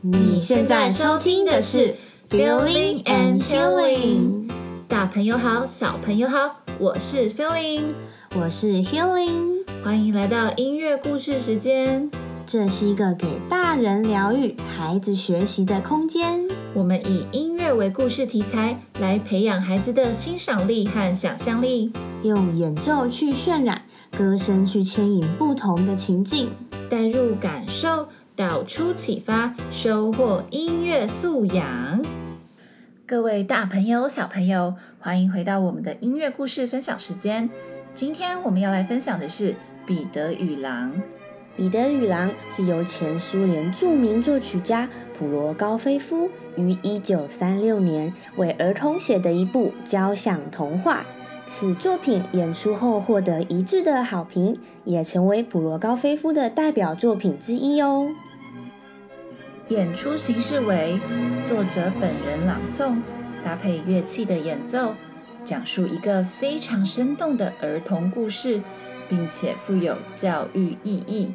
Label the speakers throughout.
Speaker 1: 你現在收聽的是 Feeling and Healing。大朋友好，小朋友好，我是 Feeling，我是 Healing，歡迎來到音樂故事時間。這是一個給大人療癒、孩子學習的空間。我們以音樂為故事題材，來培養孩子的欣賞力和想象力，用演奏去渲染，歌聲去牽引不同的情境，帶入感受。導出啟發，收穫音樂素養。各位大朋友、小朋友，歡迎回到我們的音樂故事分享時間。今天我們要來分享的是《彼得與狼》。《彼得與狼》是由前蘇聯著名，著名作曲家普羅高菲夫於一九三
Speaker 2: 六年為兒童寫的一部交響童話。此作品演出後獲得一致的好評，也成為普羅高菲夫的代表作品之一
Speaker 1: 哦。演出形式為作者本人朗誦，搭配樂器的演奏，講述一個非常生動的兒童故事，並且富有教育意義。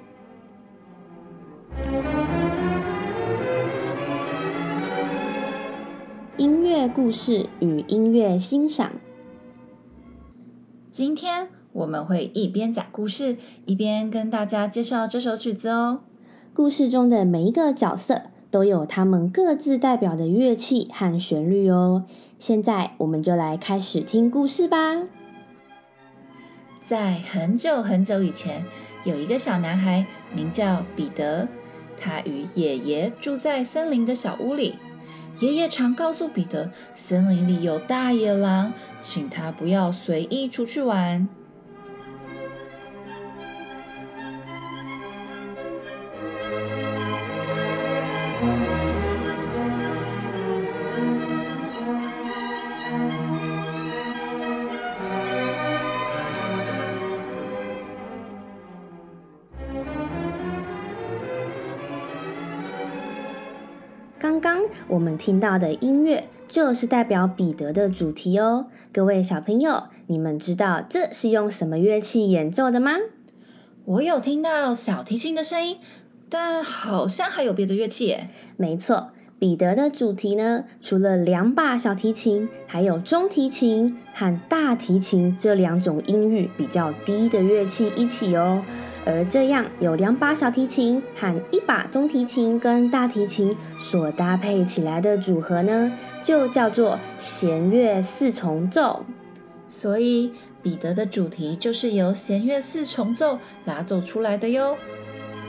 Speaker 2: 音樂故事與音樂欣賞。
Speaker 1: 今天我們會一邊講故事，一邊跟大家介紹這首曲子哦。
Speaker 2: 故事中的每一個角色都有他們各自代表的樂器和旋律哦。現在我們就來開始聽故事吧。
Speaker 1: 在很久很久以前，有一個小男孩名叫彼得。他與爺爺住在森林的小屋裡。爺爺常告訴彼得，森林裡有大野狼，請他不要隨意出去玩。
Speaker 2: 我們聽到的音樂就是代表彼得的主題哦，各位小朋友，你們知道這是用什麼樂器演奏的嗎？我有聽到小提琴的聲音，但好像還有別的樂器耶。沒錯，彼得的主題呢，除了兩把小提琴，還有中提琴和大提琴這兩種音域比較低的樂器一起哦。而這樣有兩把小提琴，和一把中提琴跟大提琴所搭配起來的組合呢，就
Speaker 1: 叫做弦樂四重奏。所以彼得的主題就是由弦樂四重奏拉奏出來的喲。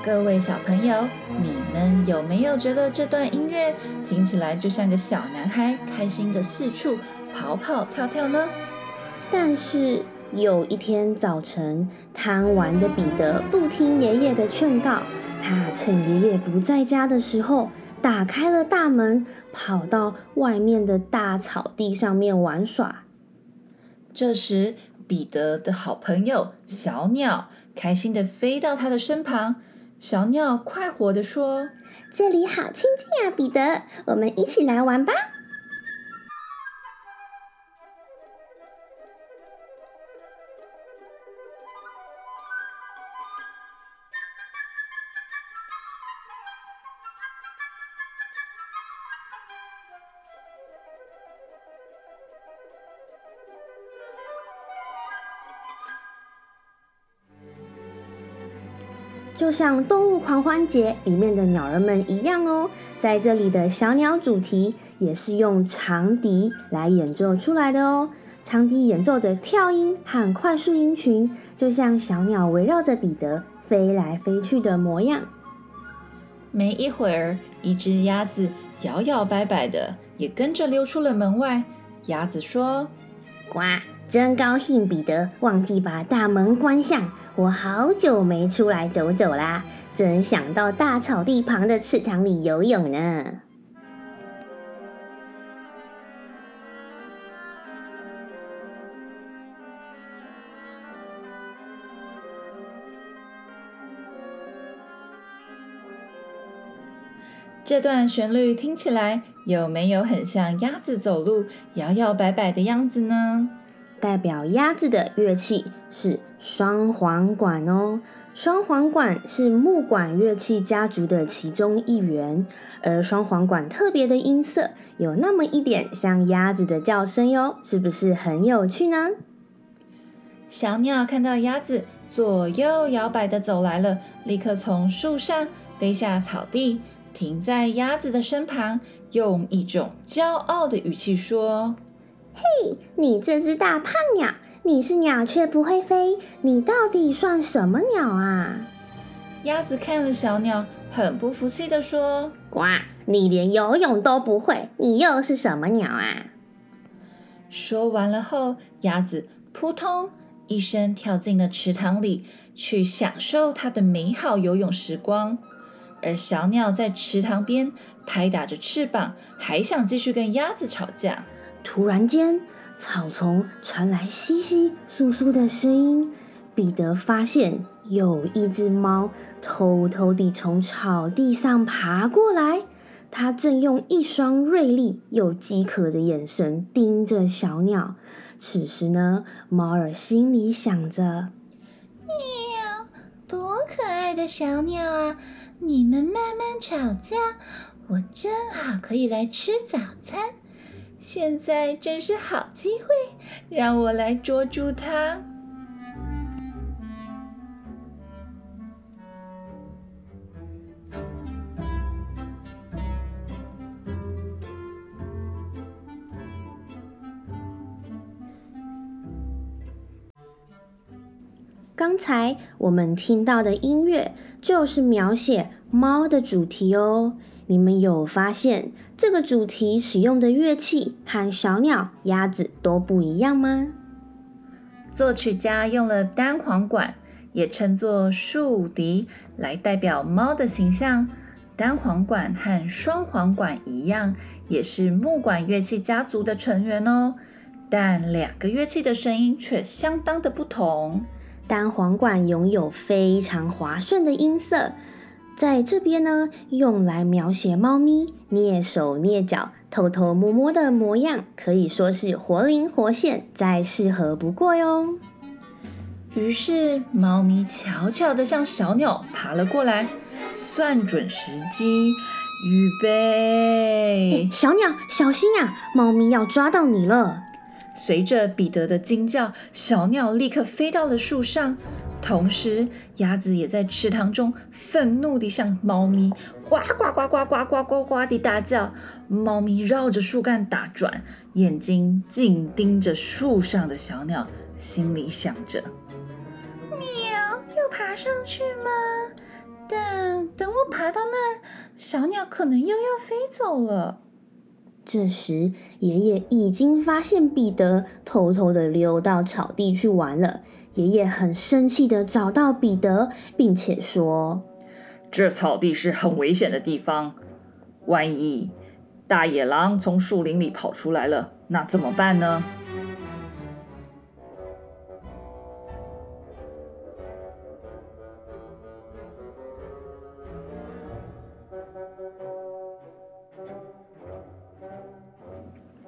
Speaker 1: 各位小朋友，你們有沒有覺得這段音樂聽起來就像個小男孩開心的四處跑跑跳跳呢？但是。有一
Speaker 2: 天早晨，貪玩的彼得不聽爺爺的勸告，他趁爺爺不在家的時候，打開了大門，跑到外面
Speaker 1: 的大草地上面玩耍。這時，彼得的好朋友小鳥開心的飛到他的身旁，小鳥快活的說：“這裡好清靜啊，彼得，我們一起來玩吧。”
Speaker 2: 就像《動物狂歡節》裡面的鳥兒們一樣哦，在這裡的小鳥主題也是用長笛來演奏出來的哦。長笛演奏的跳音和快速音群，就像小鳥圍繞着彼得飛來飛去的模樣。
Speaker 1: 沒一會兒，一隻鴨子搖搖擺擺，擺的也跟着溜出了門外。鴨子說：“哇，真高興，彼得忘記
Speaker 2: 把大門關上。”我好久沒出來走走啦，真想到大草地旁的池塘裡游泳呢。
Speaker 1: 這段旋律聽起來有沒有很像鴨子走路搖搖擺擺的樣子呢？代表鴨子的樂器
Speaker 2: 是。雙簧管哦，雙簧管是木管樂器家族的其中一員，而雙簧管特別的音色，有那麼一點
Speaker 1: 像鴨子的叫聲喲，是不是很有趣呢？小鳥看到鴨子左右搖擺地走來了，立刻從樹上飛下草地，停在鴨子的身旁，用一種驕傲的語氣說：“嘿，hey, 你這只大胖鳥。”你是鳥卻不會
Speaker 2: 飛，你到底算什麼鳥啊？
Speaker 1: 鴨子看了小鳥，很不服氣地說：“呱，你連游泳都不會，你又是什麼鳥啊？”說完了後，鴨子撲通一聲跳進了池塘裡，去享受它的美好游泳時光。而小鳥在池塘邊拍打着翅膀，還想繼續跟鴨子吵架。突然間，草叢傳來窸窸窣窣的聲
Speaker 2: 音。彼得發現有一只貓偷偷地從草地上爬過來，它正用一雙銳利又飢渴的眼神盯着小鳥。此時呢，貓兒心裡想着：
Speaker 1: 喵，多可愛的小鳥啊！你們慢慢吵架，我正好可以來吃早餐。現在真是好機會，讓我來捉住它。
Speaker 2: 剛才我們聽到的音樂就是描寫貓的主題哦。你們有發現這個主題使用的樂器
Speaker 1: 和小鳥、鴨子都不一樣嗎？作曲家用了單簧管，也稱作豎笛，來代表貓的形象。單簧管和雙簧管一樣，也是木管樂器家族的成員哦。但兩個樂器的聲音卻相當的不同。單簧管擁有非常滑順的音色。在這
Speaker 2: 邊呢，用來描寫貓咪躡手躡腳、偷偷摸摸的模樣，可以說是活靈活現，再適合不過喲。
Speaker 1: 於是，貓咪悄悄的向小鳥爬了過來，算準時機，預備。小鳥，小心呀、啊，貓咪要抓到你了！隨着彼得的驚叫，小鳥立刻飛到了樹上。同時，鴨子也在池塘中憤怒地向貓咪呱呱呱呱呱呱呱呱地大叫。貓咪繞着樹幹打轉，眼睛緊盯着樹上的小鳥，心裡想着：喵，又爬上去嗎？但等我爬到那兒，小鳥可能又要飛走了。
Speaker 2: 這時，爺爺已經發現彼得偷偷的溜到草地去玩了。爺爺很生氣的找到彼得，並且說：“
Speaker 1: 這草地是很危險的地方，萬一大野狼從樹林裡跑出來了，那怎麼辦呢？”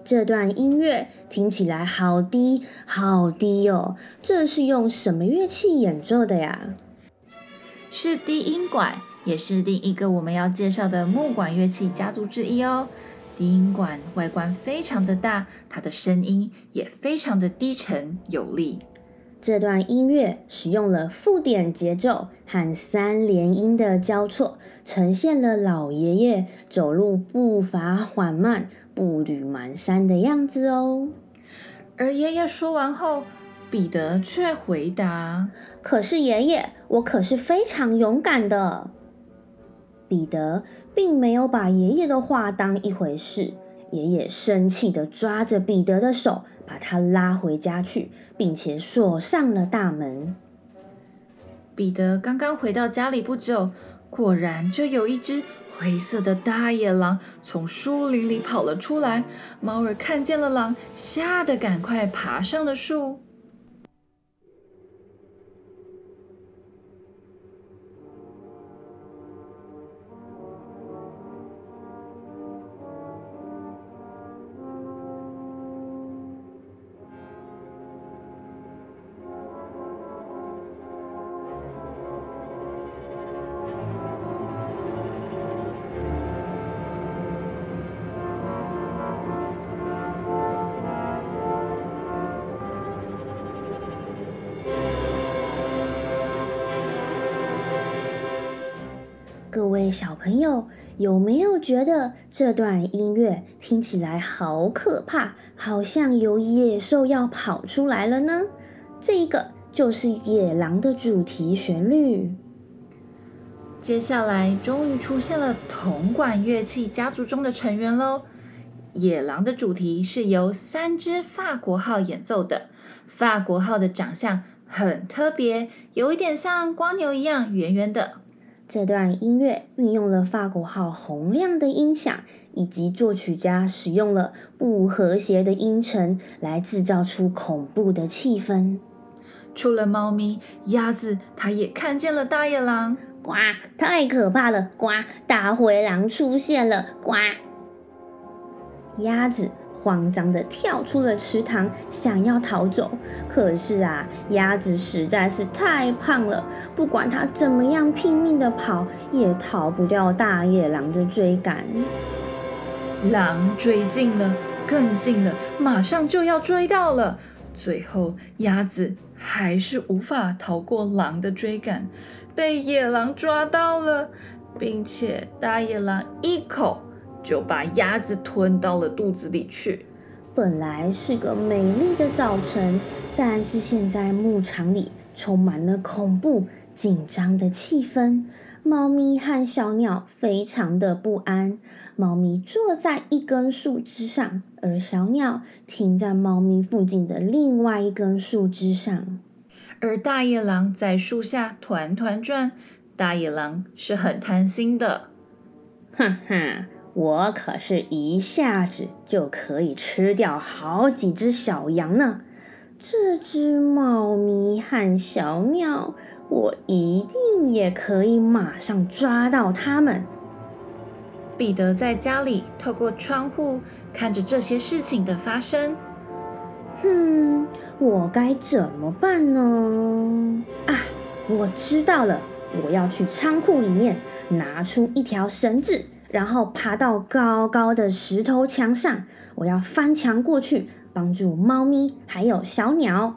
Speaker 2: 這段音樂聽起來好低，好低哦！這是用什麼樂器演奏的呀？
Speaker 1: 是低音管，也是另一個我們要介紹的木管樂器家族之一哦。低音管外觀非常的大，它的聲音也非常的低沉有力。這段
Speaker 2: 音樂使用了附點節奏和三連音的交錯，呈現了老爺爺走路步伐緩慢，步履蹣跚的樣子哦。而爺爺說完後，彼得卻回答：“可是爺爺，我可是非常勇敢的。”彼得並沒有把爺爺的話當一回事。爺爺生氣地抓着彼得的手，把他拉回家去，並且鎖上了大
Speaker 1: 門。彼得剛剛回到家裡不久。果然，就有一隻灰色的大野狼從樹林裡跑了出來。貓兒看見了狼，嚇得趕快爬上了樹。
Speaker 2: 小朋友有沒有覺得這段音樂聽起來好可怕？好像有野獸要跑出來了呢！這一個就
Speaker 1: 是野狼的主題旋律。接下來終於出現了銅管樂器家族中的成員嘍！野狼的主題是由三支法國號演奏的。法國號的長相很特別，有一點像蝸牛一樣圓圓的。這段音樂運
Speaker 2: 用了法國號洪亮的音響，以及作曲家使用了不和諧的音程來製造出恐怖的氣氛。
Speaker 1: 除了貓咪、鴨子，它也看見了大野狼，呱！太可怕了，呱！
Speaker 2: 大灰狼出現了，呱！鴨子。慌張地跳出了池塘，想要逃走。可是啊，鴨子實在是太胖了，不管它怎麼樣拼命地跑，也逃不
Speaker 1: 掉大野狼的追趕。狼追近了，更近了，馬上就要追到了。最後，鴨子還是無法逃過狼的追趕，被野狼抓到了，並且大野狼一口。就把鴨子吞到了肚子裡去。
Speaker 2: 本來是個美麗的早晨，但是現在牧場裡充滿了恐怖緊張的氣氛。貓咪和小鳥非常的不安。貓咪坐在一根樹枝上，而小
Speaker 1: 鳥停在貓咪附近的另外一根樹枝上。而大野狼在樹下團團轉。大野狼是很貪心的，哼
Speaker 2: 哼。我可是，一下子就可以吃掉好幾隻小羊呢！這隻貓咪和
Speaker 1: 小鳥，我一定也可以馬上抓到它們彼得在家裡透過窗戶看着這些事情的發生。
Speaker 2: 哼，我該怎麼辦呢？啊，我知道了，我要去倉庫裡面拿出一條繩子。然後爬到高高的石頭牆上，我要翻
Speaker 1: 牆過去幫助貓咪還有小鳥。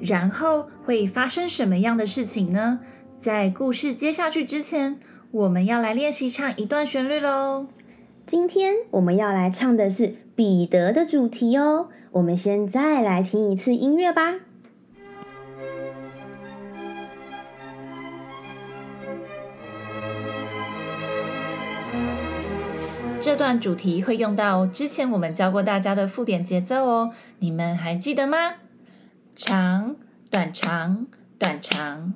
Speaker 1: 然後會發生什麼樣的事情呢？在故事接下去之前，我們要來練習唱一段旋律嘍。今天我們要來唱的是彼得的
Speaker 2: 主題哦。我們先再來聽一次音樂吧。
Speaker 1: 這段主題會用到之前我們教過大家的附點節奏哦，你們還記得嗎？長短長短長、短長。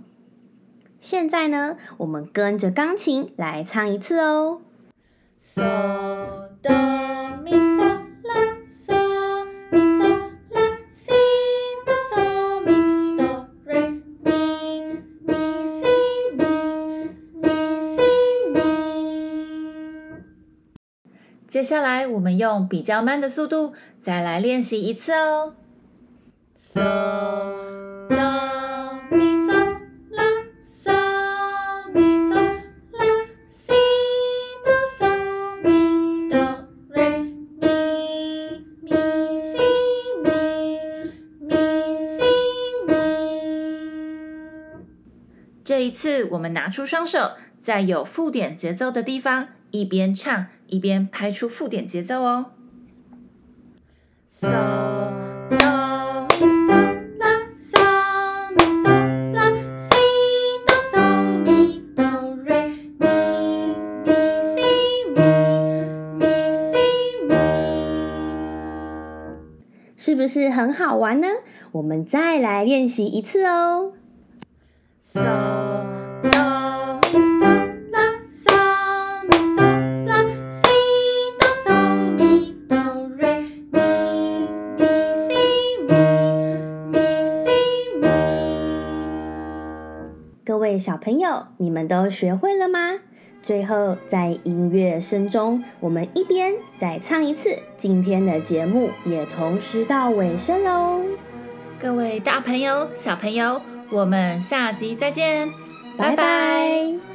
Speaker 1: 現在呢，我們跟着鋼琴來唱一次哦。So, Do, Mi, So. 接下來，我們用比較慢的速度再來練習一次哦。嗦哆咪嗦啦，嗦咪嗦啦，西哆嗦咪哆來咪咪西咪咪西咪。這一次，我們拿出雙手，在有附點節奏的地方。一邊唱一邊拍出附點節奏哦。嗦哆咪嗦啦嗦咪嗦啦，西哆嗦咪哆來咪咪西咪咪西咪，
Speaker 2: 是不是很好玩呢？我們再來練習一次哦。
Speaker 1: 嗦哆咪嗦啦嗦。
Speaker 2: 朋友，你們都學會了嗎？最後，在音樂聲中，我們一邊再唱一次今天的節目，也同時到尾聲嘍。
Speaker 1: 各位大朋友、小朋友，我們下集再見，拜拜。拜拜。